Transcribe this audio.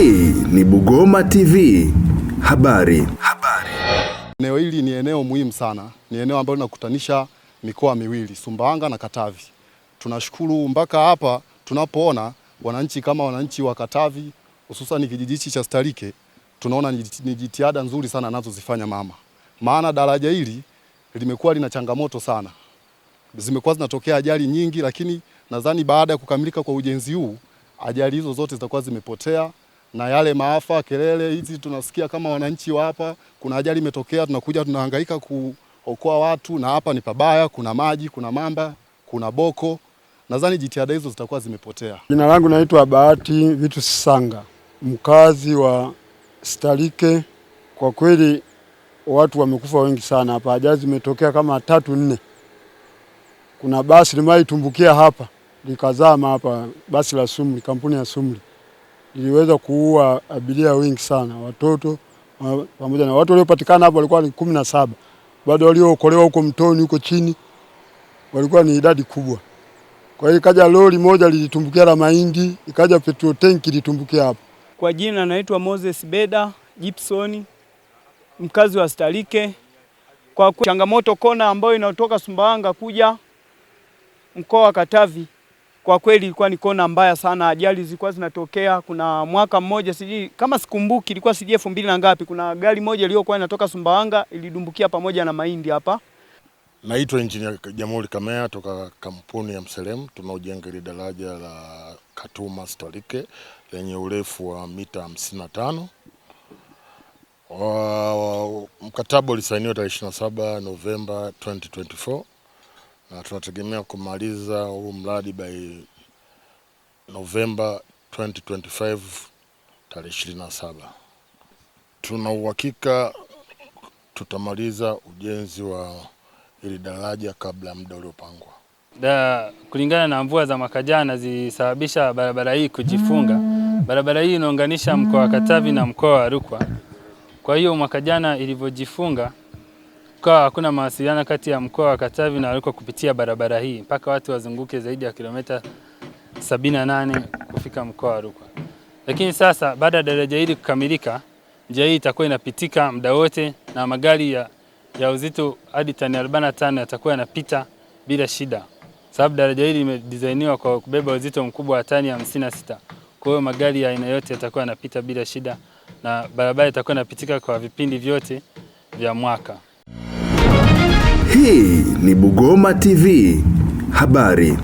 Hii ni Bugoma TV. Habari. Habari. Eneo hili ni eneo muhimu sana, ni eneo ambalo linakutanisha mikoa miwili Sumbawanga na Katavi. Tunashukuru mpaka hapa tunapoona wananchi kama wananchi wa Katavi hususan kijiji hichi cha starike tunaona ni jitihada nzuri sana anazozifanya mama, maana daraja hili limekuwa lina changamoto sana, zimekuwa zinatokea ajali nyingi, lakini nadhani baada ya kukamilika kwa ujenzi huu ajali hizo zote zitakuwa zimepotea na yale maafa, kelele hizi tunasikia kama wananchi wa hapa, kuna ajali imetokea, tunakuja tunahangaika kuokoa watu, na hapa ni pabaya, kuna maji, kuna mamba, kuna boko. Nadhani jitihada hizo zitakuwa zimepotea. Jina langu naitwa Bahati Vitu Sanga, mkazi wa Sitalike. Kwa kweli watu wamekufa wengi sana hapa, ajali zimetokea kama tatu nne. Kuna basi limewahi tumbukia hapa likazama hapa, basi la Sumri, kampuni ya Sumri iliweza kuua abiria wengi sana, watoto pamoja na watu waliopatikana hapo walikuwa ni kumi na saba. Bado waliookolewa huko mtoni huko chini walikuwa ni idadi kubwa. Kwa hiyo ikaja lori moja lilitumbukia la mahindi, ikaja petrol tank ilitumbukia hapo. Kwa jina naitwa Moses Beda Gibson, mkazi wa starike Kwa changamoto kona ambayo inatoka Sumbawanga kuja mkoa wa Katavi kwa kweli ilikuwa ni kona mbaya sana, ajali zilikuwa zinatokea. Kuna mwaka mmoja sijui kama sikumbuki, ilikuwa sijui elfu mbili na ngapi, kuna gari moja iliyokuwa inatoka Sumbawanga ilidumbukia pamoja na mahindi hapa. Naitwa Injinia Jamhuri Kamea toka kampuni ya Mselem. tunaojenga ile daraja la Katuma Stolike lenye urefu wa mita 55. Mkataba ulisainiwa tarehe 27 Novemba 2024 na tunategemea kumaliza huu mradi by Novemba 2025 tarehe 27. Tuna uhakika tutamaliza ujenzi wa ili daraja kabla ya muda uliopangwa. Da, kulingana na mvua za mwaka jana zilisababisha barabara hii kujifunga. Barabara hii inaunganisha mkoa wa Katavi na mkoa wa Rukwa. Kwa hiyo mwaka jana ilivyojifunga kukawa hakuna mawasiliano kati ya mkoa wa Katavi na waliko kupitia barabara hii mpaka watu wazunguke zaidi ya kilomita 78 kufika mkoa wa Rukwa. Lakini sasa baada ya daraja hili kukamilika, njia hii itakuwa inapitika muda wote na magari ya, ya uzito hadi tani 45 yatakuwa yanapita bila shida, sababu daraja hili limedizainiwa kwa kubeba uzito mkubwa wa tani 56. Kwa hiyo magari ya aina yote yatakuwa yanapita bila shida na barabara itakuwa inapitika kwa vipindi vyote vya mwaka. Hii ni Bugoma TV. Habari.